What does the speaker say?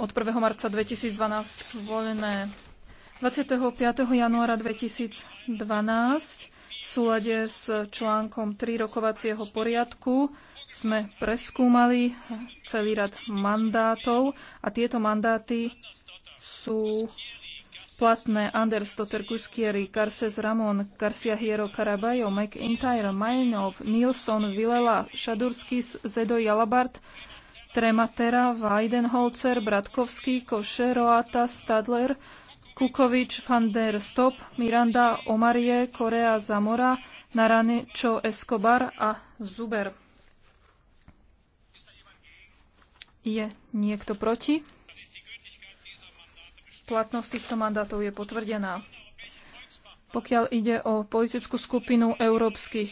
od 1. marca 2012 volené. 25. januára 2012 v súlade s článkom 3 rokovacieho poriadku sme preskúmali celý rad mandátov a tieto mandáty sú platné Anders Dotter Kuskieri, Garces Ramon, Garcia Hiero Carabajo, McIntyre, Majnov, Nilsson, Vilela, Šadurskis, Zedo Jalabart, Trematera, Weidenholzer, Bratkovský, Roata, Stadler, Kukovič, Van der Stop, Miranda, Omarie, Korea, Zamora, Naranečo, Escobar a Zuber. Je niekto proti? Platnosť týchto mandátov je potvrdená. Pokiaľ ide o politickú skupinu európskych